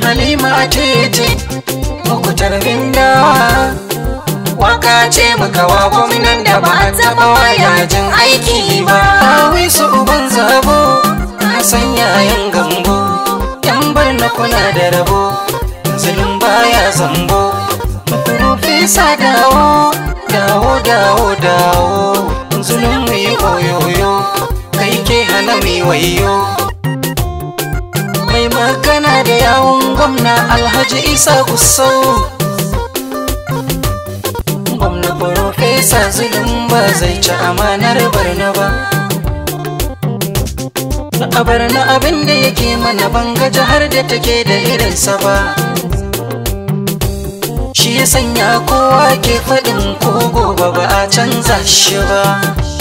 halima ce ji mukutar waka ce makawa gwamnan da ba a taba wayajin aiki ba awi su uban zabo a sanya 'yan gambo yan na kuna da rabo zulun baya zambo Profesa dawo dawo dawo dawo zulun mai koyoyo kai ke hana mai wayo magana da yawon gwamna alhaji isa gusau gwamna profesa zulun ba zai ci amanar barna ba Na a barna abin da yake mana banga jihar da take da irinsa ba shi ya sanya kowa ke faɗin ko gobe ba a canza shi ba